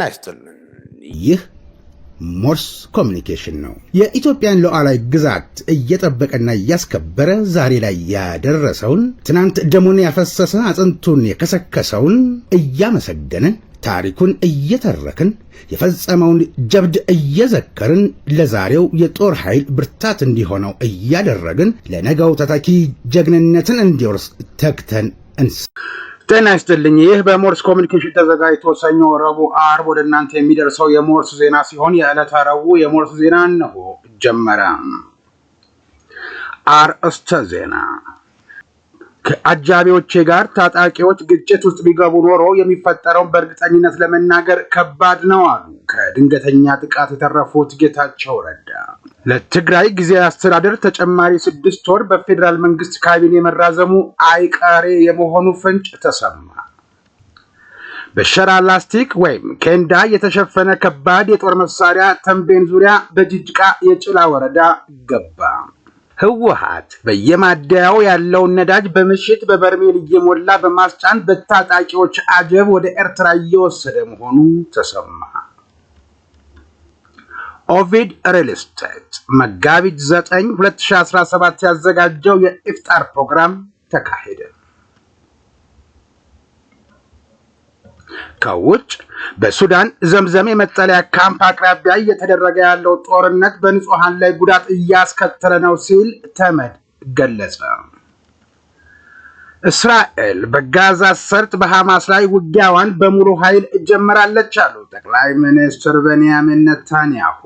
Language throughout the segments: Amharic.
ጤና ይስጥልን። ይህ ሞርስ ኮሚኒኬሽን ነው። የኢትዮጵያን ሉዓላዊ ግዛት እየጠበቀና እያስከበረ ዛሬ ላይ ያደረሰውን ትናንት ደሙን ያፈሰሰ አጥንቱን የከሰከሰውን እያመሰገንን ታሪኩን እየተረክን የፈጸመውን ጀብድ እየዘከርን ለዛሬው የጦር ኃይል ብርታት እንዲሆነው እያደረግን ለነገው ታታኪ ጀግንነትን እንዲወርስ ተግተን እንስ ጤና ይስጥልኝ። ይህ በሞርስ ኮሚኒኬሽን ተዘጋጅቶ ሰኞ፣ ረቡዕ፣ አርብ ወደ እናንተ የሚደርሰው የሞርስ ዜና ሲሆን የዕለተ ረቡዕ የሞርስ ዜና እንሆ ጀመረ። አርእስተ ዜና ከአጃቢዎቼ ጋር ታጣቂዎች ግጭት ውስጥ ቢገቡ ኖሮ የሚፈጠረውን በእርግጠኝነት ለመናገር ከባድ ነው አሉ ከድንገተኛ ጥቃት የተረፉት ጌታቸው ረዳ። ለትግራይ ጊዜያዊ አስተዳደር ተጨማሪ ስድስት ወር በፌዴራል መንግስት ካቢኔ መራዘሙ አይቀሬ የመሆኑ ፍንጭ ተሰማ። በሸራ ላስቲክ ወይም ኬንዳ የተሸፈነ ከባድ የጦር መሳሪያ ተንቤን ዙሪያ በጅጅቃ የጭላ ወረዳ ገባ። ህወሓት በየማደያው ያለውን ነዳጅ በምሽት በበርሜል እየሞላ በማስጫን በታጣቂዎች አጀብ ወደ ኤርትራ እየወሰደ መሆኑ ተሰማ። ኦቪድ ሪል ስቴት መጋቢት 9 2017 ያዘጋጀው የኢፍጣር ፕሮግራም ተካሄደ። ከውጭ በሱዳን ዘምዘሜ መጠለያ ካምፕ አቅራቢያ እየተደረገ ያለው ጦርነት በንጹሐን ላይ ጉዳት እያስከተለ ነው ሲል ተመድ ገለጸ። እስራኤል በጋዛ ሰርጥ በሐማስ ላይ ውጊያዋን በሙሉ ኃይል እጀምራለች አሉ ጠቅላይ ሚኒስትር ቤንያሚን ነታንያሁ።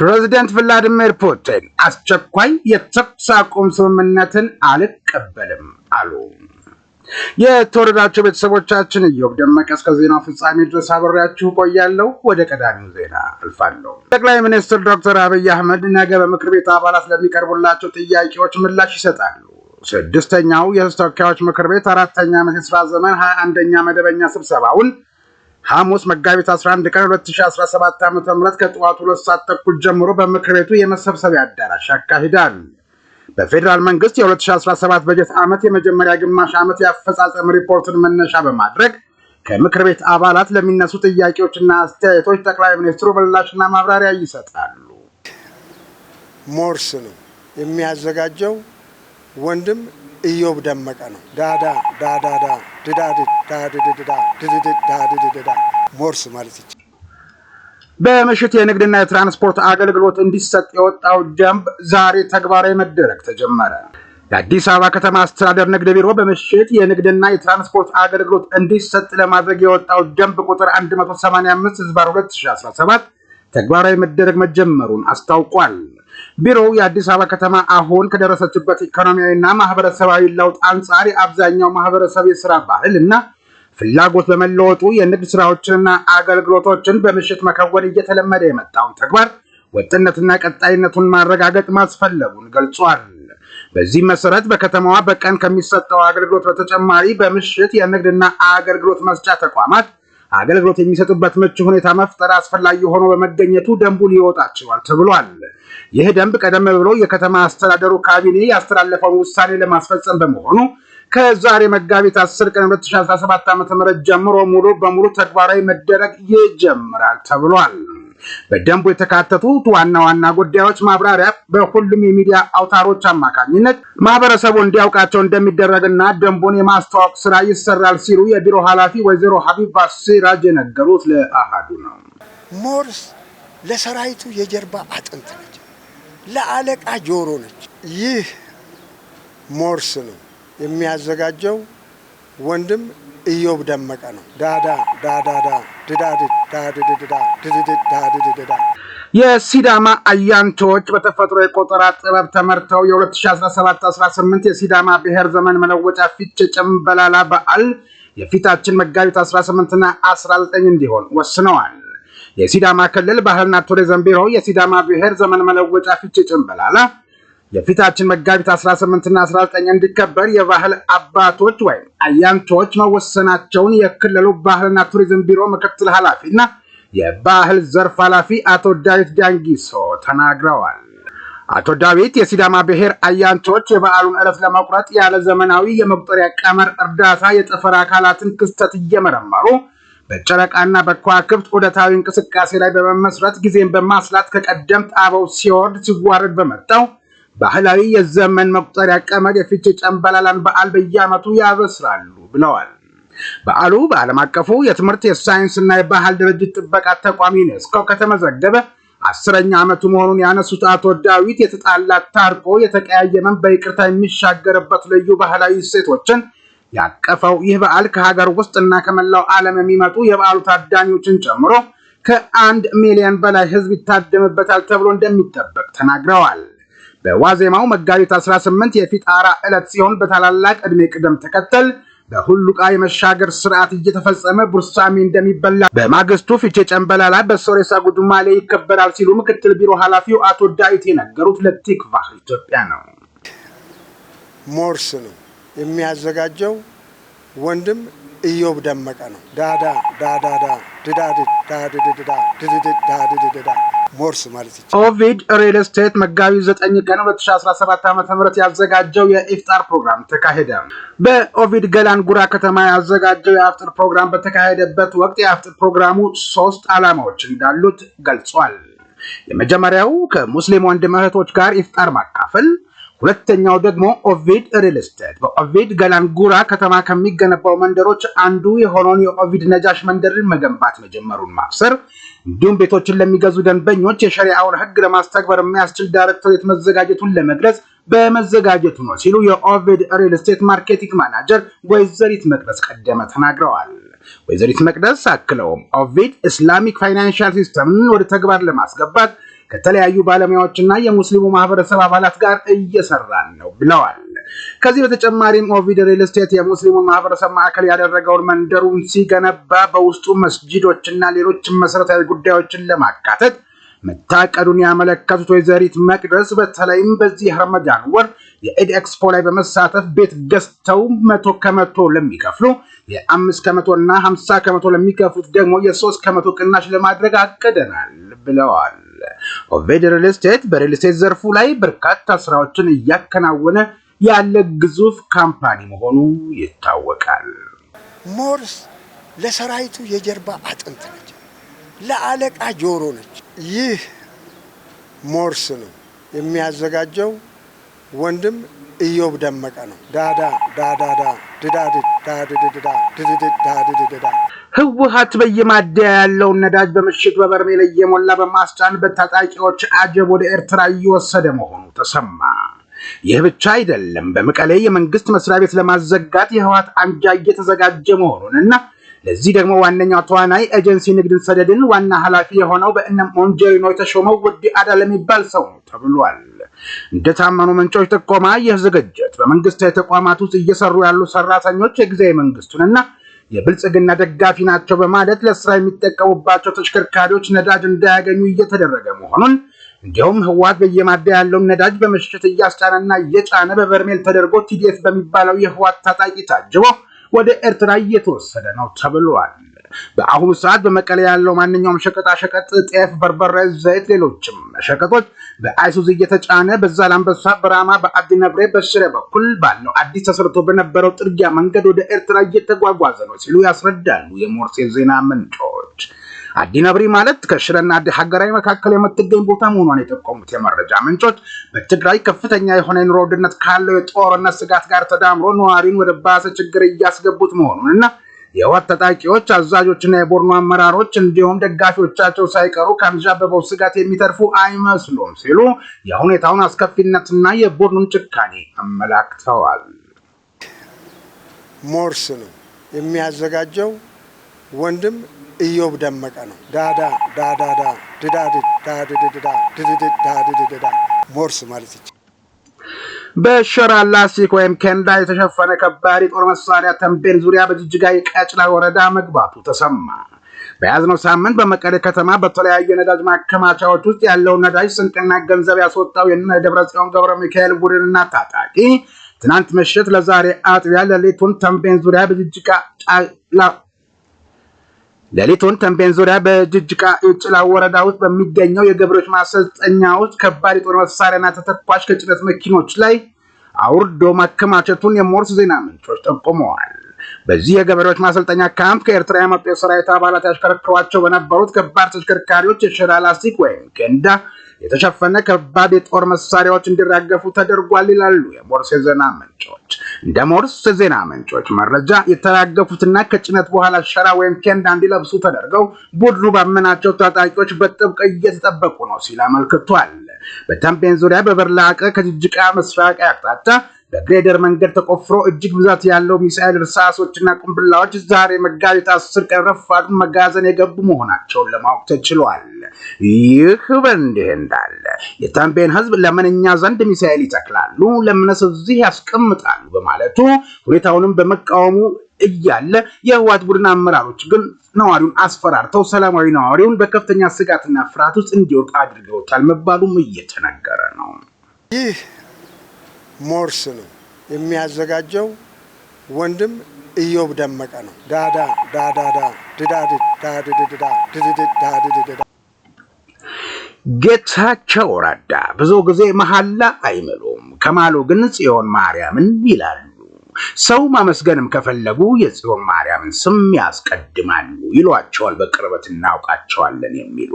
ፕሬዚደንት ቭላዲሚር ፑቲን አስቸኳይ የተኩስ አቁም ስምምነትን አልቀበልም አሉ። የተወረዳቸው ቤተሰቦቻችን እዮብ ደመቀ እስከ ዜናው ፍጻሜ ድረስ አብሬያችሁ ቆያለሁ። ወደ ቀዳሚው ዜና አልፋለሁ። ጠቅላይ ሚኒስትር ዶክተር አብይ አህመድ ነገ በምክር ቤት አባላት ለሚቀርቡላቸው ጥያቄዎች ምላሽ ይሰጣሉ። ስድስተኛው የህዝብ ተወካዮች ምክር ቤት አራተኛ ዓመት የስራ ዘመን ሀያ አንደኛ መደበኛ ስብሰባውን ሐሙስ መጋቢት 11 ቀን 2017 ዓ ም ከጠዋቱ ሁለት ሰዓት ተኩል ጀምሮ በምክር ቤቱ የመሰብሰቢያ አዳራሽ አካሂዳል። በፌዴራል መንግስት የ2017 በጀት ዓመት የመጀመሪያ ግማሽ ዓመት የአፈጻጸም ሪፖርትን መነሻ በማድረግ ከምክር ቤት አባላት ለሚነሱ ጥያቄዎችና አስተያየቶች ጠቅላይ ሚኒስትሩ ምላሽና ማብራሪያ ይሰጣሉ። ሞርስ ነው የሚያዘጋጀው ወንድም ኢዮብ ደመቀ ነው። ዳዳ ዳዳዳ ድዳድ ሞርስ ማለት ይቻላል። በምሽት የንግድና የትራንስፖርት አገልግሎት እንዲሰጥ የወጣው ደንብ ዛሬ ተግባራዊ መደረግ ተጀመረ። የአዲስ አበባ ከተማ አስተዳደር ንግድ ቢሮ በምሽት የንግድና የትራንስፖርት አገልግሎት እንዲሰጥ ለማድረግ የወጣው ደንብ ቁጥር 185 ህዝባር 2017 ተግባራዊ መደረግ መጀመሩን አስታውቋል። ቢሮው የአዲስ አበባ ከተማ አሁን ከደረሰችበት ኢኮኖሚያዊና ማህበረሰባዊ ለውጥ አንጻር የአብዛኛው ማህበረሰብ የስራ ባህል እና ፍላጎት በመለወጡ የንግድ ስራዎችንና አገልግሎቶችን በምሽት መከወን እየተለመደ የመጣውን ተግባር ወጥነትና ቀጣይነቱን ማረጋገጥ ማስፈለጉን ገልጿል። በዚህ መሰረት በከተማዋ በቀን ከሚሰጠው አገልግሎት በተጨማሪ በምሽት የንግድና አገልግሎት መስጫ ተቋማት አገልግሎት የሚሰጡበት ምቹ ሁኔታ መፍጠር አስፈላጊ ሆኖ በመገኘቱ ደንቡ ሊወጣቸዋል ተብሏል። ይህ ደንብ ቀደም ብሎ የከተማ አስተዳደሩ ካቢኔ ያስተላለፈውን ውሳኔ ለማስፈጸም በመሆኑ ከዛሬ መጋቢት 10 ቀን 2017 ዓ.ም ጀምሮ ሙሉ በሙሉ ተግባራዊ መደረግ ይጀምራል ተብሏል። በደንቡ የተካተቱት ዋና ዋና ጉዳዮች ማብራሪያ በሁሉም የሚዲያ አውታሮች አማካኝነት ማህበረሰቡ እንዲያውቃቸው እንደሚደረግና ደንቡን የማስተዋወቅ ስራ ይሰራል ሲሉ የቢሮ ኃላፊ ወይዘሮ ሀቢባ ሲራጅ የነገሩት ለአሃዱ ነው። ሞርስ ለሰራዊቱ የጀርባ አጥንት ነች፣ ለአለቃ ጆሮ ነች። ይህ ሞርስ ነው የሚያዘጋጀው ወንድም ኢዮብ ደመቀ ነው። ዳዳ ዳዳዳ ድዳድድ ዳድድዳ ድድድድ ዳድድድዳ የሲዳማ አያንቶች በተፈጥሮ የቆጠራ ጥበብ ተመርተው የ2017-18 የሲዳማ ብሔር ዘመን መለወጫ ፊቼ ጨምበላላ በዓል የፊታችን መጋቢት 18ና 19 እንዲሆን ወስነዋል። የሲዳማ ክልል ባህልና ቱሪዝም ቢሮ የሲዳማ ብሔር ዘመን መለወጫ ፊቼ ጨምበላላ የፊታችን መጋቢት 18 እና 19 እንዲከበር የባህል አባቶች ወይም አያንቶች መወሰናቸውን የክልሉ ባህልና ቱሪዝም ቢሮ ምክትል ኃላፊና የባህል ዘርፍ ኃላፊ አቶ ዳዊት ዳንጊሶ ተናግረዋል። አቶ ዳዊት የሲዳማ ብሔር አያንቶች የበዓሉን ዕለት ለመቁረጥ ያለ ዘመናዊ የመቁጠሪያ ቀመር እርዳታ የጠፈር አካላትን ክስተት እየመረመሩ በጨረቃና በከዋክብት ዑደታዊ እንቅስቃሴ ላይ በመመስረት ጊዜን በማስላት ከቀደምት አበው ሲወርድ ሲዋረድ በመጣው ባህላዊ የዘመን መቁጠሪያ ቀመር የፍቼ ጨምበላላን በዓል በየዓመቱ ያበስራሉ ብለዋል። በዓሉ በዓለም አቀፉ የትምህርት የሳይንስና የባህል ድርጅት ጥበቃ ተቋም ዩኔስኮ ከተመዘገበ አስረኛ ዓመቱ መሆኑን ያነሱት አቶ ዳዊት የተጣላት ታርቆ የተቀያየመን በይቅርታ የሚሻገርበት ልዩ ባህላዊ እሴቶችን ያቀፈው ይህ በዓል ከሀገር ውስጥ እና ከመላው ዓለም የሚመጡ የበዓሉ ታዳሚዎችን ጨምሮ ከአንድ ሚሊዮን በላይ ሕዝብ ይታደምበታል ተብሎ እንደሚጠበቅ ተናግረዋል። በዋዜማው መጋቢት 18 የፊጣራ ዕለት ሲሆን በታላላቅ ዕድሜ ቅደም ተከተል በሁሉቃ የመሻገር ስርዓት እየተፈጸመ ቡርሳሚ እንደሚበላ በማግስቱ ፊቼ ጨንበላላ በሶሬሳ ጉዱማ ላይ ይከበራል ሲሉ ምክትል ቢሮ ኃላፊው አቶ ዳዊት የነገሩት ለቲክቫህ ኢትዮጵያ ነው። ሞርስ ነው የሚያዘጋጀው። ወንድም እዮብ ደመቀ ነው። ዳዳ ዳዳዳ ድዳድ ዳድድዳ ድድድ ዳድድዳ ሞርስ ማለት ይቻላል። ኦቪድ ሪል ስቴት መጋቢ 9 ቀን 2017 ዓ ም ያዘጋጀው የኢፍጣር ፕሮግራም ተካሄደ። በኦቪድ ገላንጉራ ከተማ ያዘጋጀው የአፍጥር ፕሮግራም በተካሄደበት ወቅት የአፍጥር ፕሮግራሙ ሶስት ዓላማዎች እንዳሉት ገልጿል። የመጀመሪያው ከሙስሊም ወንድም እህቶች ጋር ኢፍጣር ማካፈል፣ ሁለተኛው ደግሞ ኦቪድ ሪል ስቴት በኦቪድ ገላንጉራ ከተማ ከሚገነባው መንደሮች አንዱ የሆነውን የኦቪድ ነጃሽ መንደርን መገንባት መጀመሩን ማብሰር እንዲሁም ቤቶችን ለሚገዙ ደንበኞች የሸሪአውን ህግ ለማስተግበር የሚያስችል ዳይሬክቶሬት መዘጋጀቱን ለመግለጽ በመዘጋጀቱ ነው ሲሉ የኦቪድ ሪል ስቴት ማርኬቲንግ ማናጀር ወይዘሪት መቅደስ ቀደመ ተናግረዋል። ወይዘሪት መቅደስ አክለውም ኦቪድ ኢስላሚክ ፋይናንሻል ሲስተምን ወደ ተግባር ለማስገባት ከተለያዩ ባለሙያዎችና የሙስሊሙ ማህበረሰብ አባላት ጋር እየሰራን ነው ብለዋል። ከዚህ በተጨማሪም ኦቪድ ሪል ስቴት የሙስሊሙን ማህበረሰብ ማዕከል ያደረገውን መንደሩን ሲገነባ በውስጡ መስጂዶችና ሌሎች መሰረታዊ ጉዳዮችን ለማካተት መታቀዱን ያመለከቱት ወይዘሪት መቅደስ በተለይም በዚህ ረመዳን ወር የኢድ ኤክስፖ ላይ በመሳተፍ ቤት ገዝተው መቶ ከመቶ ለሚከፍሉ የአምስት ከመቶ እና ሀምሳ ከመቶ ለሚከፍሉት ደግሞ የሶስት ከመቶ ቅናሽ ለማድረግ አቅደናል ብለዋል። ኦቬድ ሪል ስቴት በሪል ስቴት ዘርፉ ላይ በርካታ ስራዎችን እያከናወነ ያለ ግዙፍ ካምፓኒ መሆኑ ይታወቃል። ሞርስ ለሰራዊቱ የጀርባ አጥንት ነች፣ ለአለቃ ጆሮ ነች። ይህ ሞርስ ነው የሚያዘጋጀው። ወንድም እዮብ ደመቀ ነው። ዳዳ ዳዳዳ ህወሀት በየማደያ ያለውን ነዳጅ በምሽግ በበርሜል እየሞላ በማስጫን በታጣቂዎች አጀብ ወደ ኤርትራ እየወሰደ መሆኑ ተሰማ። ይህ ብቻ አይደለም። በመቀሌ የመንግስት መስሪያ ቤት ለማዘጋት የህወሓት አንጃ እየተዘጋጀ መሆኑን እና ለዚህ ደግሞ ዋነኛው ተዋናይ ኤጀንሲ ንግድን ሰደድን ዋና ኃላፊ የሆነው በእነ ሞንጀሪኖ የተሾመው ወዲ አዳ ለሚባል ሰው ነው ተብሏል። እንደታመኑ ምንጮች ጥቆማ ይህ ዝግጅት በመንግስታዊ ተቋማት ውስጥ እየሰሩ ያሉ ሰራተኞች የጊዜያዊ መንግስቱንና የብልጽግና ደጋፊ ናቸው በማለት ለስራ የሚጠቀሙባቸው ተሽከርካሪዎች ነዳጅ እንዳያገኙ እየተደረገ መሆኑን እንዲያውም ህወሓት በየማዳ ያለውን ነዳጅ በምሽት እያስጫነና እየጫነ በበርሜል ተደርጎ ቲዲኤፍ በሚባለው የህወሓት ታጣቂ ታጅቦ ወደ ኤርትራ እየተወሰደ ነው ተብሏል። በአሁኑ ሰዓት በመቀለ ያለው ማንኛውም ሸቀጣሸቀጥ ጤፍ፣ በርበሬ፣ ዘይት፣ ሌሎችም ሸቀጦች በአይሱዝ እየተጫነ በዛላምበሳ፣ በራማ፣ በአዲ በስሬ በኩል ባለው አዲስ ተሰርቶ በነበረው ጥርጊያ መንገድ ወደ ኤርትራ እየተጓጓዘ ነው ሲሉ ያስረዳሉ የሞርሴ ዜና ምንጮች። አዲነብሪ ማለት ከሽረና ሀገራዊ መካከል የምትገኝ ቦታ መሆኗን የጠቆሙት የመረጃ ምንጮች በትግራይ ከፍተኛ የሆነ የኑሮ ውድነት ካለው የጦርነት ስጋት ጋር ተዳምሮ ነዋሪን ወደ ባሰ ችግር እያስገቡት መሆኑን እና የህወሓት ታጣቂዎች አዛዦችና የቦርኖ አመራሮች እንዲሁም ደጋፊዎቻቸው ሳይቀሩ ከአንዣበበው ስጋት የሚተርፉ አይመስሉም ሲሉ የሁኔታውን አስከፊነትና የቦርኑን ጭካኔ አመላክተዋል። ሞርስ ነው የሚያዘጋጀው ወንድም ኢዮብ ደመቀ ነው። ዳዳ ዳዳዳ ድዳድድ ሞርስ ማለት ይቻላል። በሸራ ላስቲክ ወይም ኬንዳ የተሸፈነ ከባድ የጦር መሳሪያ ተንቤን ዙሪያ በጅጅጋ የቀጭላ ወረዳ መግባቱ ተሰማ። በያዝነው ሳምንት በመቀሌ ከተማ በተለያዩ የነዳጅ ማከማቻዎች ውስጥ ያለውን ነዳጅ ስንቅና ገንዘብ ያስወጣው የነ ደብረጽዮን ገብረ ሚካኤል ቡድንና ታጣቂ ትናንት ምሽት ለዛሬ አጥቢያ ለሌቱን ተንቤን ዙሪያ በጅጅጋ ጫላ ሌሊቱን ተንቤን ዙሪያ በጅጅቃ የጭላ ወረዳ ውስጥ በሚገኘው የገበሬዎች ማሰልጠኛ ውስጥ ከባድ የጦር መሳሪያና ተተኳሽ ከጭነት መኪኖች ላይ አውርዶ ማከማቸቱን የሞርስ ዜና ምንጮች ጠቁመዋል። በዚህ የገበሬዎች ማሰልጠኛ ካምፕ ከኤርትራ የመጡ የሰራዊት አባላት ያሽከረክሯቸው በነበሩት ከባድ ተሽከርካሪዎች የሸራ ላስቲክ ወይም ገንዳ የተሸፈነ ከባድ የጦር መሳሪያዎች እንዲራገፉ ተደርጓል ይላሉ የሞርስ የዜና ምንጮች። እንደ ሞርስ ዜና ምንጮች መረጃ የተራገፉትና ከጭነት በኋላ ሸራ ወይም ኬንዳ እንዲለብሱ ተደርገው ቡድኑ ባመናቸው ታጣቂዎች በጥብቅ እየተጠበቁ ነው ሲል አመልክቷል። በተምቤን ዙሪያ በበርላቀ ከጅጅቃ ምስራቅ አቅጣጫ በግሬደር መንገድ ተቆፍሮ እጅግ ብዛት ያለው ሚሳኤል እርሳሶችና ቁምብላዎች ዛሬ መጋቢት አስር ቀን ረፋዱን መጋዘን የገቡ መሆናቸውን ለማወቅ ተችሏል። ይህ በእንዲህ እንዳለ የታምቤን ህዝብ ለምንኛ ዘንድ ሚሳኤል ይተክላሉ? ለምንስ እዚህ ያስቀምጣሉ? በማለቱ ሁኔታውንም በመቃወሙ እያለ የህወሓት ቡድን አመራሮች ግን ነዋሪውን አስፈራርተው ሰላማዊ ነዋሪውን በከፍተኛ ስጋትና ፍርሃት ውስጥ እንዲወቅ አድርገውታል መባሉም እየተነገረ ነው። ሞርስ ነው የሚያዘጋጀው። ወንድም እዮብ ደመቀ ነው። ዳዳ ዳዳዳ ድዳድድ ጌታቸው ረዳ ብዙ ጊዜ መሐላ አይምሉም። ከማሉ ግን ጽዮን ማርያምን ይላል። ሰው ማመስገንም ከፈለጉ የጽዮን ማርያምን ስም ያስቀድማሉ ይሏቸዋል። በቅርበት እናውቃቸዋለን የሚሉ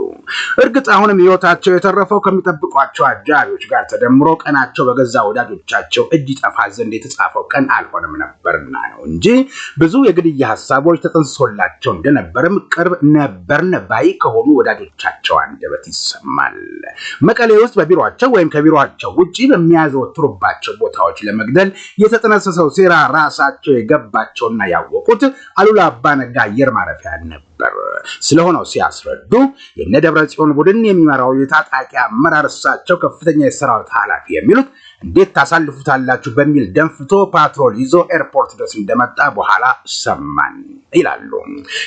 እርግጥ አሁንም ህይወታቸው የተረፈው ከሚጠብቋቸው አጃቢዎች ጋር ተደምሮ ቀናቸው በገዛ ወዳጆቻቸው እጅ ጠፋ ዘንድ የተጻፈው ቀን አልሆነም ነበርና ነው እንጂ ብዙ የግድያ ሀሳቦች ተጠንስሶላቸው እንደነበርም ቅርብ ነበርን ባይ ከሆኑ ወዳጆቻቸው አንደበት ይሰማል። መቀሌ ውስጥ በቢሮቸው ወይም ከቢሮቸው ውጭ በሚያዘወትሩባቸው ቦታዎች ለመግደል የተጠነሰሰው ሴራ ግራ ራሳቸው የገባቸውና ያወቁት አሉላ አባነጋ አየር ማረፊያ ነበር። ስለሆነው ሲያስረዱ የነ ደብረ ጽዮን ቡድን የሚመራው የታጣቂ አመራር እሳቸው ከፍተኛ የሰራዊት ኃላፊ የሚሉት እንዴት ታሳልፉታላችሁ በሚል ደንፍቶ ፓትሮል ይዞ ኤርፖርት ድረስ እንደመጣ በኋላ ሰማን ይላሉ።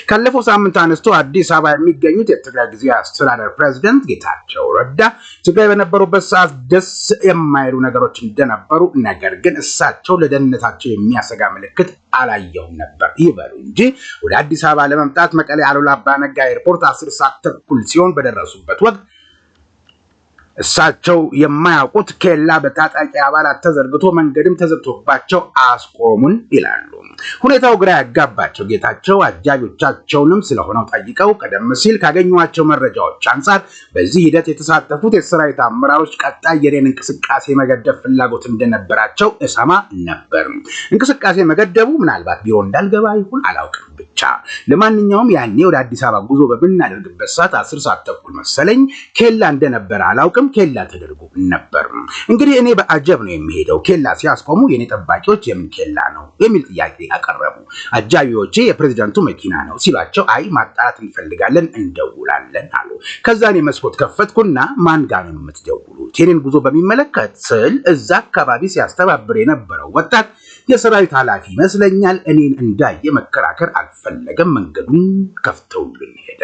ካለፈው ሳምንት አንስቶ አዲስ አበባ የሚገኙት የትግራይ ጊዜያዊ አስተዳደር ፕሬዚደንት ጌታቸው ረዳ ትግራይ በነበሩበት ሰዓት ደስ የማይሉ ነገሮች እንደነበሩ፣ ነገር ግን እሳቸው ለደህንነታቸው የሚያሰጋ ምልክት አላየውም ነበር ይበሉ እንጂ ወደ አዲስ አበባ ለመምጣት መቀሌ አሉላ አባነጋ ነጋ ኤርፖርት አስር ሰዓት ተኩል ሲሆን በደረሱበት ወቅት እሳቸው የማያውቁት ኬላ በታጣቂ አባላት ተዘርግቶ መንገድም ተዘግቶባቸው አስቆሙን ይላሉ። ሁኔታው ግራ ያጋባቸው ጌታቸው አጃቢዎቻቸውንም ስለሆነው ጠይቀው ቀደም ሲል ካገኟቸው መረጃዎች አንጻር በዚህ ሂደት የተሳተፉት የሰራዊት አመራሮች ቀጣይ የሬን እንቅስቃሴ መገደብ ፍላጎት እንደነበራቸው እሰማ ነበር። እንቅስቃሴ መገደቡ ምናልባት ቢሮ እንዳልገባ ይሁን አላውቅም። ብቻ ለማንኛውም ያኔ ወደ አዲስ አበባ ጉዞ በምናደርግበት ሰዓት አስር ሰዓት ተኩል መሰለኝ ኬላ እንደነበረ አላውቅም ሲያስቆም ኬላ ተደርጎ ነበር። እንግዲህ እኔ በአጀብ ነው የሚሄደው። ኬላ ሲያስቆሙ የኔ ጠባቂዎች የምን ኬላ ነው የሚል ጥያቄ አቀረቡ። አጃቢዎቼ የፕሬዚዳንቱ መኪና ነው ሲሏቸው፣ አይ ማጣራት እንፈልጋለን እንደውላለን አሉ። ከዛ እኔ መስኮት ከፈትኩና ማን ጋር ነው የምትደውሉት የኔን ጉዞ በሚመለከት ስል እዛ አካባቢ ሲያስተባብር የነበረው ወጣት የሰራዊት ኃላፊ ይመስለኛል። እኔን እንዳየ መከራከር አልፈለገም። መንገዱን ከፍተውልን ሄደ።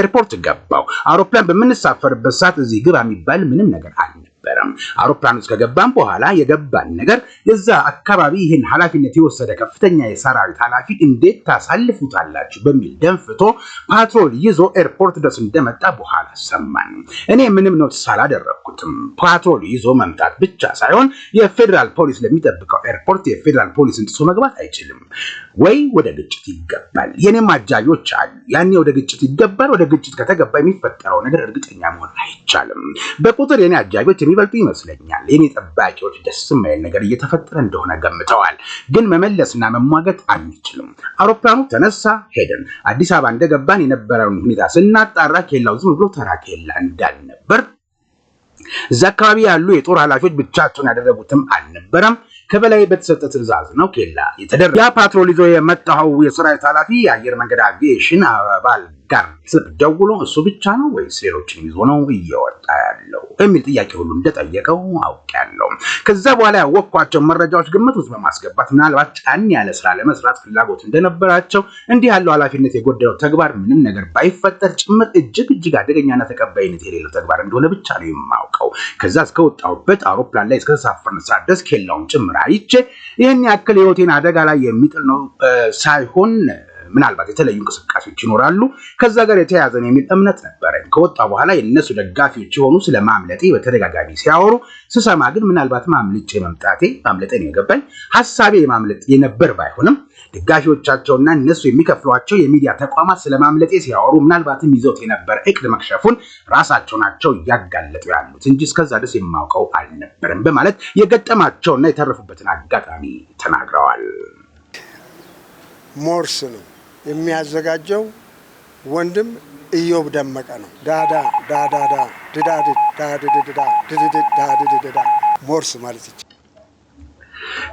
ኤርፖርት ገባው። አውሮፕላን በምንሳፈርበት ሰዓት እዚህ ግባ የሚባል ምንም ነገር አለ አልነበረም። አውሮፕላን ውስጥ ከገባም በኋላ የገባን ነገር የዛ አካባቢ ይህን ኃላፊነት የወሰደ ከፍተኛ የሰራዊት ኃላፊ እንዴት ታሳልፉታላችሁ በሚል ደንፍቶ ፓትሮል ይዞ ኤርፖርት ድረስ እንደመጣ በኋላ ሰማን። እኔ ምንም ኖትስ አላደረግኩትም። ፓትሮል ይዞ መምጣት ብቻ ሳይሆን የፌዴራል ፖሊስ ለሚጠብቀው ኤርፖርት የፌዴራል ፖሊስን ጥሶ መግባት አይችልም ወይ ወደ ግጭት ይገባል። የኔም አጃቢዎች አሉ። ያኔ ወደ ግጭት ይገባል። ወደ ግጭት ከተገባ የሚፈጠረው ነገር እርግጠኛ መሆን አይቻልም። በቁጥር የኔ አጃቢዎች የሚበልጡ ይመስለኛል። የኔ ጠባቂዎች ደስ የማይል ነገር እየተፈጠረ እንደሆነ ገምተዋል። ግን መመለስና መሟገት አንችልም። አውሮፕላኑ ተነሳ፣ ሄደን አዲስ አበባ እንደገባን የነበረውን ሁኔታ ስናጣራ ኬላው ዝም ብሎ ተራ ኬላ እንዳልነበር እዛ አካባቢ ያሉ የጦር ኃላፊዎች ብቻቸውን ያደረጉትም አልነበረም። ከበላይ በተሰጠ ትዕዛዝ ነው ኬላ የተደረገ። ያ ፓትሮል ይዞ የመጣው የሰራዊት ኃላፊ የአየር መንገድ አቪዬሽን አባል ጋር ደውሎ እሱ ብቻ ነው ወይስ ሌሎችን ይዞ ነው እየወጣ ያለው የሚል ጥያቄ ሁሉ እንደጠየቀው አውቄያለሁ። ከዛ በኋላ ያወቅኳቸው መረጃዎች ግምት ውስጥ በማስገባት ምናልባት ጫን ያለ ስራ ለመስራት ፍላጎት እንደነበራቸው፣ እንዲህ ያለው ኃላፊነት የጎደለው ተግባር ምንም ነገር ባይፈጠር ጭምር እጅግ እጅግ አደገኛና ተቀባይነት የሌለው ተግባር እንደሆነ ብቻ ነው የማውቀው። ከዛ እስከወጣሁበት አውሮፕላን ላይ እስከተሳፈርን ሰዓት ድረስ ኬላውን ጭምር አይቼ ይህን ያክል ህይወቴን አደጋ ላይ የሚጥል ነው ሳይሆን ምናልባት የተለዩ እንቅስቃሴዎች ይኖራሉ፣ ከዛ ጋር የተያያዘ ነው የሚል እምነት ነበረ። ከወጣ በኋላ የእነሱ ደጋፊዎች የሆኑ ስለ ማምለጤ በተደጋጋሚ ሲያወሩ ስሰማ ግን ምናልባት ማምልጬ መምጣቴ ማምለጤ ነው የገባኝ። ሀሳቤ የማምለጥ የነበር ባይሆንም ደጋፊዎቻቸውና እነሱ የሚከፍሏቸው የሚዲያ ተቋማት ስለ ማምለጤ ሲያወሩ ምናልባትም ይዘውት የነበረ እቅድ መክሸፉን ራሳቸው ናቸው እያጋለጡ ያሉት እንጂ እስከዛ ድረስ የማውቀው አልነበረም በማለት የገጠማቸውና የተረፉበትን አጋጣሚ ተናግረዋል። ሞርስ ነው የሚያዘጋጀው ወንድም ኢዮብ ደመቀ ነው። ዳዳ ዳዳዳ ድዳድ ዳድድዳ ድድድ ዳድድድዳ ሞርስ ማለት ይቻላል።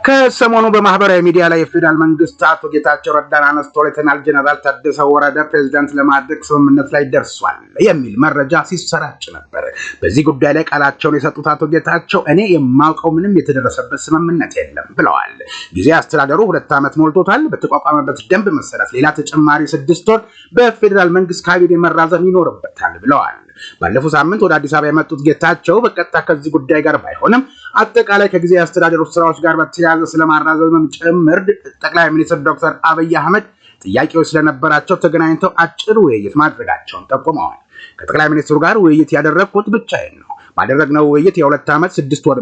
ከሰሞኑ በማህበራዊ ሚዲያ ላይ የፌዴራል መንግስት አቶ ጌታቸው ረዳን አነስቶ ሌተናል ጀነራል ታደሰ ወረደ ፕሬዚዳንት ለማድረግ ስምምነት ላይ ደርሷል የሚል መረጃ ሲሰራጭ ነበር። በዚህ ጉዳይ ላይ ቃላቸውን የሰጡት አቶ ጌታቸው እኔ የማውቀው ምንም የተደረሰበት ስምምነት የለም ብለዋል። ጊዜ አስተዳደሩ ሁለት ዓመት ሞልቶታል። በተቋቋመበት ደንብ መሰረት ሌላ ተጨማሪ ስድስት ወር በፌዴራል መንግስት ካቢኔ መራዘም ይኖርበታል ብለዋል። ባለፉ ሳምንት ወደ አዲስ አበባ የመጡት ጌታቸው በቀጥታ ከዚህ ጉዳይ ጋር ባይሆንም አጠቃላይ ከጊዜ አስተዳደሩ ስራዎች ጋር በተያያዘ ስለማራዘመም ጭምር ጠቅላይ ሚኒስትር ዶክተር አብይ አህመድ ጥያቄዎች ስለነበራቸው ተገናኝተው አጭር ውይይት ማድረጋቸውን ጠቁመዋል። ከጠቅላይ ሚኒስትሩ ጋር ውይይት ያደረግኩት ብቻዬን ነው። ባደረግነው ውይይት የሁለት ዓመት ስድስት ወር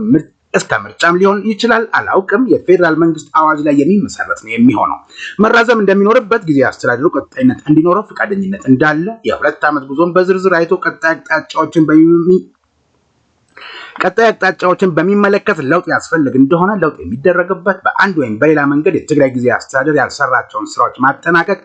እስከ ምርጫም ሊሆን ይችላል፣ አላውቅም። የፌዴራል መንግስት አዋጅ ላይ የሚመሰረት ነው የሚሆነው። መራዘም እንደሚኖርበት ጊዜ አስተዳደሩ ቀጣይነት እንዲኖረው ፈቃደኝነት እንዳለ የሁለት ዓመት ጉዞን በዝርዝር አይቶ ቀጣይ አቅጣጫዎችን ቀጣይ አቅጣጫዎችን በሚመለከት ለውጥ ያስፈልግ እንደሆነ ለውጥ የሚደረግበት በአንድ ወይም በሌላ መንገድ የትግራይ ጊዜ አስተዳደር ያልሰራቸውን ስራዎች ማጠናቀቅ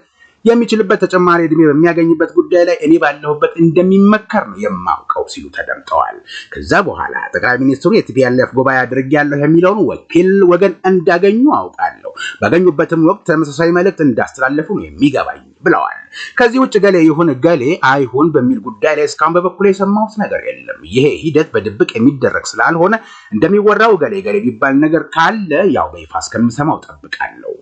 የሚችልበት ተጨማሪ እድሜ በሚያገኝበት ጉዳይ ላይ እኔ ባለሁበት እንደሚመከር ነው የማውቀው ሲሉ ተደምጠዋል። ከዛ በኋላ ጠቅላይ ሚኒስትሩ የቲፒኤልኤፍ ጉባኤ አድርጌያለሁ የሚለውን ወኪል ወገን እንዳገኙ አውቃለሁ፣ ባገኙበትም ወቅት ተመሳሳይ መልእክት እንዳስተላለፉ ነው የሚገባኝ ብለዋል። ከዚህ ውጭ ገሌ ይሁን ገሌ አይሁን በሚል ጉዳይ ላይ እስካሁን በበኩል የሰማሁት ነገር የለም። ይሄ ሂደት በድብቅ የሚደረግ ስላልሆነ እንደሚወራው ገሌ ገሌ የሚባል ነገር ካለ ያው በይፋ እስከምሰማው ጠብቃለሁ።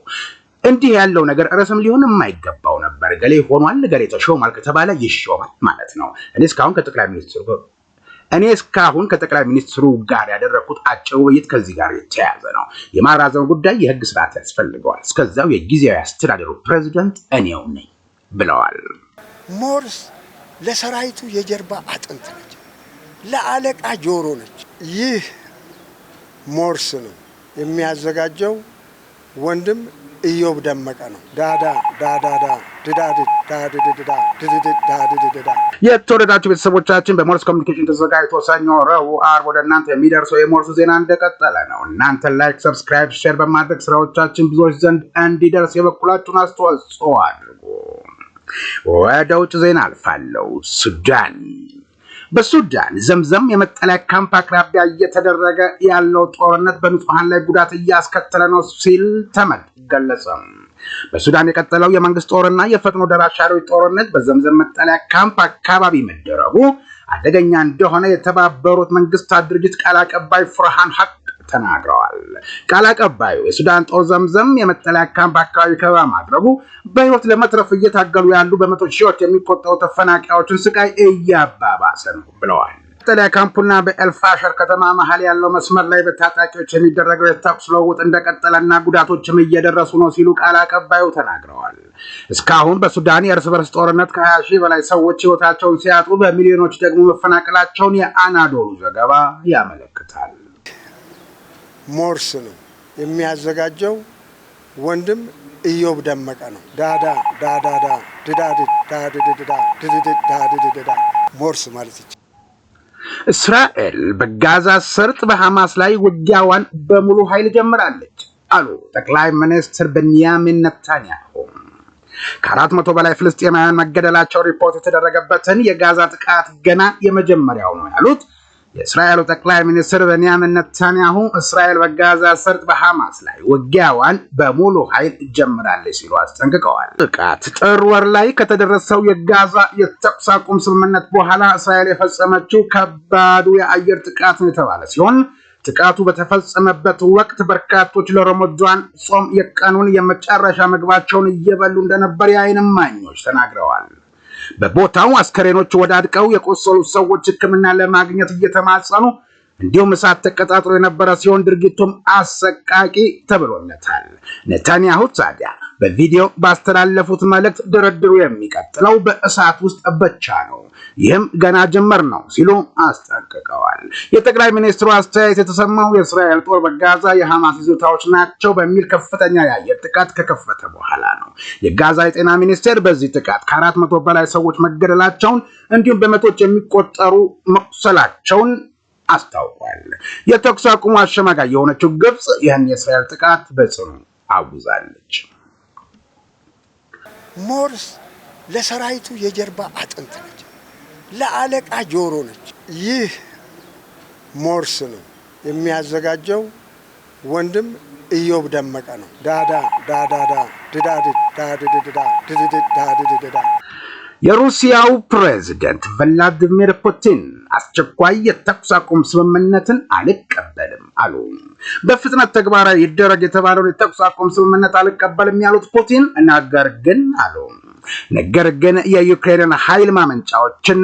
እንዲህ ያለው ነገር ርዕስም ሊሆን የማይገባው ነበር። ገሌ ሆኗል፣ ገሌ ተሾሟል ከተባለ ይሾማል ማለት ነው። እኔ እስካሁን ከጠቅላይ ሚኒስትሩ እኔ እስካሁን ከጠቅላይ ሚኒስትሩ ጋር ያደረግኩት አጭር ውይይት ከዚህ ጋር የተያያዘ ነው። የማራዘም ጉዳይ የህግ ስርዓት ያስፈልገዋል። እስከዚያው የጊዜያዊ አስተዳደሩ ፕሬዚደንት እኔው ነኝ። ብለዋል። ሞርስ ለሰራዊቱ የጀርባ አጥንት ነች፣ ለአለቃ ጆሮ ነች። ይህ ሞርስ ነው የሚያዘጋጀው። ወንድም እዮብ ደመቀ ነው። ዳዳ ዳዳዳ የተወደዳችሁ ቤተሰቦቻችን በሞርስ ኮሚኒኬሽን ተዘጋጅቶ ሰኞ፣ ረቡዕ፣ ዓርብ ወደ እናንተ የሚደርሰው የሞርሱ ዜና እንደቀጠለ ነው። እናንተ ላይክ፣ ሰብስክራይብ፣ ሼር በማድረግ ስራዎቻችን ብዙዎች ዘንድ እንዲደርስ የበኩላችሁን አስተዋጽኦ አድርጉ። ወደ ውጭ ዜና አልፋለሁ። ሱዳን በሱዳን ዘምዘም የመጠለያ ካምፕ አቅራቢያ እየተደረገ ያለው ጦርነት በንጹሐን ላይ ጉዳት እያስከተለ ነው ሲል ተመድ ገለጸ። በሱዳን የቀጠለው የመንግስት ጦርና የፈጥኖ ደራሽ ኃይሎች ጦርነት በዘምዘም መጠለያ ካምፕ አካባቢ መደረጉ አደገኛ እንደሆነ የተባበሩት መንግስታት ድርጅት ቃል አቀባይ ፍርሃን ሀቅ ተናግረዋል። ቃል አቀባዩ የሱዳን ጦር ዘምዘም የመጠለያ ካምፕ አካባቢ ከበባ ማድረጉ በህይወት ለመትረፍ እየታገሉ ያሉ በመቶ ሺዎች የሚቆጠሩ ተፈናቃዮችን ስቃይ እያባባሰ ነው ብለዋል። መጠለያ ካምፑና በኤልፋሸር ከተማ መሀል ያለው መስመር ላይ በታጣቂዎች የሚደረገው የተኩስ ለውጥ እንደቀጠለና ጉዳቶችም እየደረሱ ነው ሲሉ ቃል አቀባዩ ተናግረዋል። እስካሁን በሱዳን የእርስ በርስ ጦርነት ከ20 ሺህ በላይ ሰዎች ህይወታቸውን ሲያጡ በሚሊዮኖች ደግሞ መፈናቀላቸውን የአናዶሉ ዘገባ ያመለክታል። ሞርስ ነው የሚያዘጋጀው። ወንድም እዮብ ደመቀ ነው። ዳዳ ዳዳዳ ድዳድዳ ሞርስ ማለት ይቻላል። እስራኤል በጋዛ ሰርጥ በሐማስ ላይ ውጊያዋን በሙሉ ኃይል ጀምራለች አሉ ጠቅላይ ሚኒስትር ቤንያሚን ነታንያሁ። ከአራት መቶ በላይ ፍልስጤማውያን መገደላቸው ሪፖርት የተደረገበትን የጋዛ ጥቃት ገና የመጀመሪያው ነው ያሉት የእስራኤሉ ጠቅላይ ሚኒስትር ቤንያሚን ነታንያሁ እስራኤል በጋዛ ሰርጥ በሐማስ ላይ ውጊያዋን በሙሉ ኃይል ጀምራለች ሲሉ አስጠንቅቀዋል። ጥቃት ጥር ወር ላይ ከተደረሰው የጋዛ የተኩስ አቁም ስምምነት በኋላ እስራኤል የፈጸመችው ከባዱ የአየር ጥቃት ነው የተባለ ሲሆን ጥቃቱ በተፈጸመበት ወቅት በርካቶች ለረመዷን ጾም የቀኑን የመጨረሻ ምግባቸውን እየበሉ እንደነበር የዓይን እማኞች ተናግረዋል። በቦታው አስከሬኖች ወዳድቀው የቆሰሉ ሰዎች ሕክምና ለማግኘት እየተማጸኑ እንዲሁም እሳት ተቀጣጥሎ የነበረ ሲሆን ድርጊቱም አሰቃቂ ተብሎለታል። ኔታንያሁ ታዲያ በቪዲዮ ባስተላለፉት መልእክት ድርድሩ የሚቀጥለው በእሳት ውስጥ ብቻ ነው፣ ይህም ገና ጅምር ነው ሲሉ አስጠንቅቀዋል። የጠቅላይ ሚኒስትሩ አስተያየት የተሰማው የእስራኤል ጦር በጋዛ የሐማስ ይዞታዎች ናቸው በሚል ከፍተኛ የአየር ጥቃት ከከፈተ በኋላ ነው። የጋዛ የጤና ሚኒስቴር በዚህ ጥቃት ከአራት መቶ በላይ ሰዎች መገደላቸውን እንዲሁም በመቶች የሚቆጠሩ መቁሰላቸውን አስታውቋል። የተኩስ አቁሙ አሸማጋይ የሆነችው ግብፅ ይህን የእስራኤል ጥቃት በጽኑ አውዛለች። ሞርስ ለሰራዊቱ የጀርባ አጥንት ነች፣ ለአለቃ ጆሮ ነች። ይህ ሞርስ ነው የሚያዘጋጀው። ወንድም እዮብ ደመቀ ነው። ዳዳ ዳዳዳ ድዳድድ ዳድድዳ የሩሲያው ፕሬዚደንት ቭላዲሚር ፑቲን አስቸኳይ የተኩስ አቁም ስምምነትን አልቀበልም አሉ። በፍጥነት ተግባራዊ ይደረግ የተባለውን የተኩስ አቁም ስምምነት አልቀበልም ያሉት ፑቲን ነገር ግን አሉ ነገር ግን የዩክሬንን ኃይል ማመንጫዎችን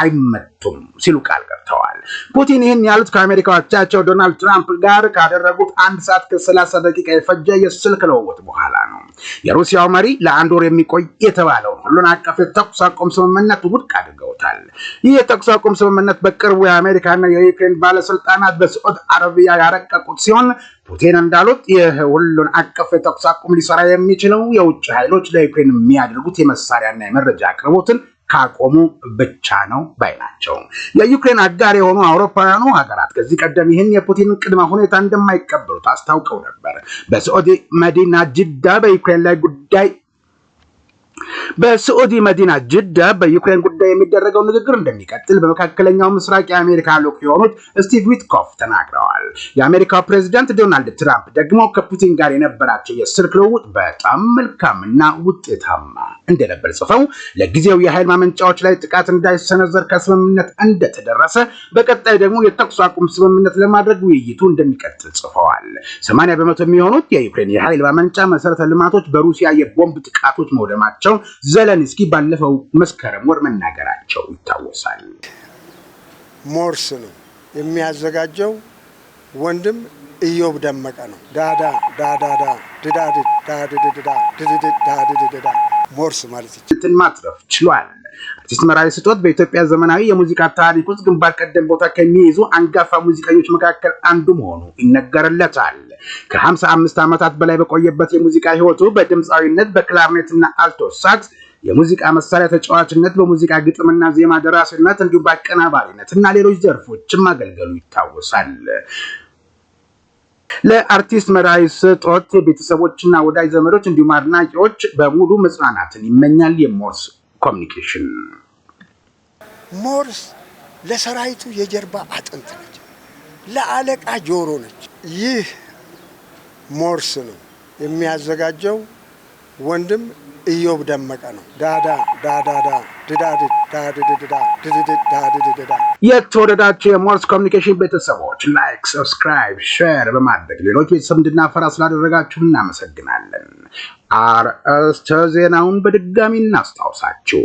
አይመቱም ሲሉ ቃል ገብተዋል። ፑቲን ይህን ያሉት ከአሜሪካ አቻቸው ዶናልድ ትራምፕ ጋር ካደረጉት አንድ ሰዓት ከሰላሳ ደቂቃ የፈጀ የስልክ ልውውጥ በኋላ ነው። የሩሲያው መሪ ለአንድ ወር የሚቆይ የተባለውን ሁሉን አቀፍ የተኩስ አቁም ስምምነት ውድቅ አድርገውታል። ይህ የተኩስ አቁም ስምምነት በቅርቡ የአሜሪካና የዩክሬን ባለስልጣናት በስዑድ አረቢያ ያረቀቁት ሲሆን ፑቲን እንዳሉት ይህ ሁሉን አቀፍ የተኩስ አቁም ሊሰራ የሚችለው የውጭ ኃይሎች ለዩክሬን የሚያደርጉት የመሳሪያና የመረጃ አቅርቦትን ካቆሙ ብቻ ነው ባይ ናቸው። የዩክሬን አጋር የሆኑ አውሮፓውያኑ ሀገራት ከዚህ ቀደም ይህን የፑቲን ቅድመ ሁኔታ እንደማይቀበሉት አስታውቀው ነበር። በሳዑዲ መዲና ጅዳ በዩክሬን ላይ ጉዳይ በስዑዲ መዲና ጅዳ በዩክሬን ጉዳይ የሚደረገው ንግግር እንደሚቀጥል በመካከለኛው ምስራቅ የአሜሪካ ልዑክ የሆኑት ስቲቭ ዊትኮፍ ተናግረዋል። የአሜሪካው ፕሬዚዳንት ዶናልድ ትራምፕ ደግሞ ከፑቲን ጋር የነበራቸው የስልክ ልውውጥ በጣም መልካምና ውጤታማ እንደነበር ጽፈው ለጊዜው የኃይል ማመንጫዎች ላይ ጥቃት እንዳይሰነዘር ከስምምነት እንደተደረሰ በቀጣይ ደግሞ የተኩስ አቁም ስምምነት ለማድረግ ውይይቱ እንደሚቀጥል ጽፈዋል። ሰማንያ በመቶ የሚሆኑት የዩክሬን የኃይል ማመንጫ መሰረተ ልማቶች በሩሲያ የቦምብ ጥቃቶች መውደማቸው የሚናገረው ዘለንስኪ ባለፈው መስከረም ወር መናገራቸው ይታወሳል። ሞርስ ነው የሚያዘጋጀው ወንድም ኢዮብ ደመቀ ነው። ዳዳ ዳዳዳ ድዳድ ሞርስ ማለት ይችላል ማትረፍ ችሏል። አርቲስት መራዊ ስጦት በኢትዮጵያ ዘመናዊ የሙዚቃ ታሪክ ውስጥ ግንባር ቀደም ቦታ ከሚይዙ አንጋፋ ሙዚቀኞች መካከል አንዱ መሆኑ ይነገርለታል። ከ55 ዓመታት በላይ በቆየበት የሙዚቃ ህይወቱ በድምፃዊነት በክላርኔትና አልቶ ሳክስ የሙዚቃ መሳሪያ ተጫዋችነት በሙዚቃ ግጥምና ዜማ ደራሲነት እንዲሁም በአቀናባሪነት እና ሌሎች ዘርፎችም ማገልገሉ ይታወሳል። ለአርቲስት መርዓዊ ስጦት ቤተሰቦችና ወዳጅ ዘመዶች እንዲሁም አድናቂዎች በሙሉ መጽናናትን ይመኛል። የሞርስ ኮሚኒኬሽን ሞርስ ለሰራዊቱ የጀርባ አጥንት ነች፣ ለአለቃ ጆሮ ነች። ይህ ሞርስ ነው የሚያዘጋጀው ወንድም ኢዮብ ደመቀ ነው። ዳዳ ዳዳዳ የተወደዳቸው የሞርስ ኮሚኒኬሽን ቤተሰቦች ላይክ፣ ሰብስክራይብ፣ ሼር በማድረግ ሌሎች ቤተሰብ እንድናፈራ ስላደረጋችሁ እናመሰግናለን። አርእስተ ዜናውን በድጋሚ እናስታውሳችሁ።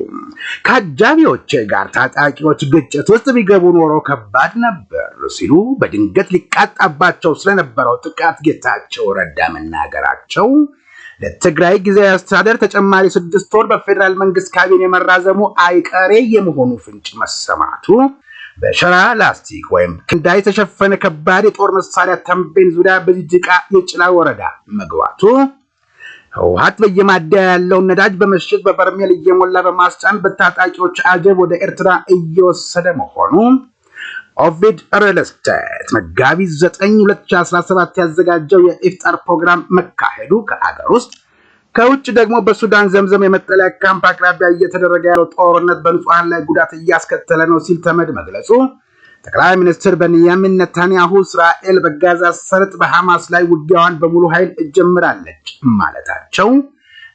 ከአጃቢዎች ጋር ታጣቂዎች ግጭት ውስጥ ቢገቡ ኖሮ ከባድ ነበር ሲሉ በድንገት ሊቃጣባቸው ስለነበረው ጥቃት ጌታቸው ረዳ መናገራቸው ለትግራይ ጊዜያዊ አስተዳደር ተጨማሪ ስድስት ወር በፌዴራል መንግስት ካቢኔ መራዘሙ አይቀሬ የመሆኑ ፍንጭ መሰማቱ፣ በሸራ ላስቲክ ወይም ክንዳ የተሸፈነ ከባድ የጦር መሳሪያ ተንቤን ዙሪያ በጅጅቃ የጭላ ወረዳ መግባቱ፣ ህወሓት በየማደያ ያለውን ነዳጅ በመሸት በበርሜል እየሞላ በማስጫን በታጣቂዎች አጀብ ወደ ኤርትራ እየወሰደ መሆኑ ኦቪድ ሪል ስቴት መጋቢት 9 2017 ያዘጋጀው የኢፍጣር ፕሮግራም መካሄዱ ከአገር ውስጥ ከውጭ ደግሞ በሱዳን ዘምዘም የመጠለያ ካምፕ አቅራቢያ እየተደረገ ያለው ጦርነት በንጹሐን ላይ ጉዳት እያስከተለ ነው ሲል ተመድ መግለጹ፣ ጠቅላይ ሚኒስትር በንያሚን ነታንያሁ እስራኤል በጋዛ ሰርጥ በሐማስ ላይ ውጊያዋን በሙሉ ኃይል እጀምራለች ማለታቸው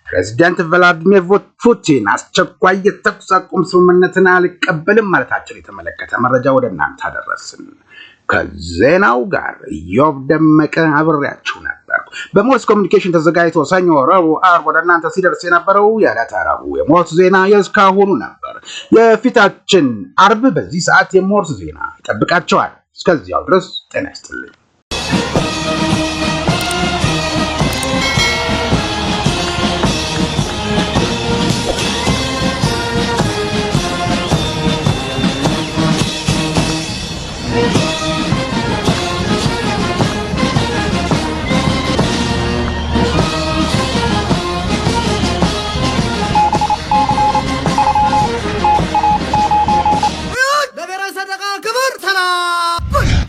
ፕሬዚዳንት ቭላዲሚር ፑቲን አስቸኳይ የተኩስ አቁም ስምምነትን አልቀበልም ማለታቸውን የተመለከተ መረጃ ወደ እናንተ አደረስን። ከዜናው ጋር እዮብ ደመቀ አብሬያችሁ ነበር። በሞርስ ኮሚኒኬሽን ተዘጋጅቶ ሰኞ፣ ረቡዕ፣ ዓርብ ወደ እናንተ ሲደርስ የነበረው የዕለተ ረቡዕ የሞርስ ዜና የእስካሁኑ ነበር። የፊታችን ዓርብ በዚህ ሰዓት የሞርስ ዜና ይጠብቃቸዋል። እስከዚያው ድረስ ጤና ይስጥልኝ።